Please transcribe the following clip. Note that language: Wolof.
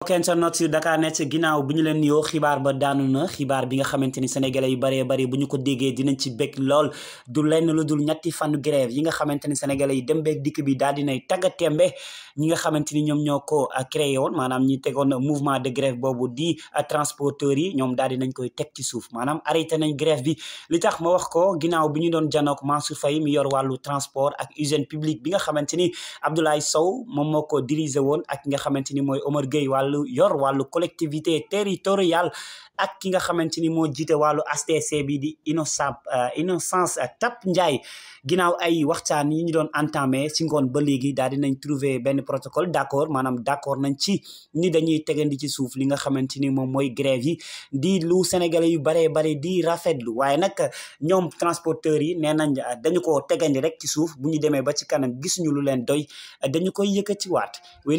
kenn sa notes yu Dakar Net ginnaaw bi ñu leen yoo xibaar ba daanu na xibaar bi nga xamante ni sénégalais yu baree bari bu ñu ko déggee dinañ ci bég lool du lenn lu dul ñetti fanu grève yi nga xamante ni sénégalais yi dem beeg dikk bi daal dinay tagga tembe ñi nga xamante ni ñoom ñoo ko créé woon maanaam ñi tegoon mouvement de grève boobu di transporteurs yi ñoom daal dinañ koy teg ci suuf maanaam arrêté nañ grève bi li tax ma wax ko ginnaaw bi ñu doon janook Mansour Faye mi yor wàllu transport ak hygiène publique bi nga xamante ni Abdoulaye Sow moom moo ko dirigé woon ak nga xamante ni mooy Omar Gueye wàll wàllu yor wàllu collectivité territoriale ak ki nga xamante ni moo jiite wàllu HTC bi di innocent euh, innocence Tap Ndiaye ginnaaw ay waxtaan yi ñu doon entamé si ngoon ba léegi daal dinañ trouver benn protocole d'accord maanaam d'accord nañ ci ni dañuy tegandi ci suuf li nga xamante ni moom mooy grève yi di lu sénégalais yu baree bare di rafetlu waaye nag ñoom transporteurs yi nee nañ euh, dañu ko tegandi rek ci suuf bu ñu demee ba ci kanam gisuñu lu leen doy dañu koy yëkkatiwaat wéy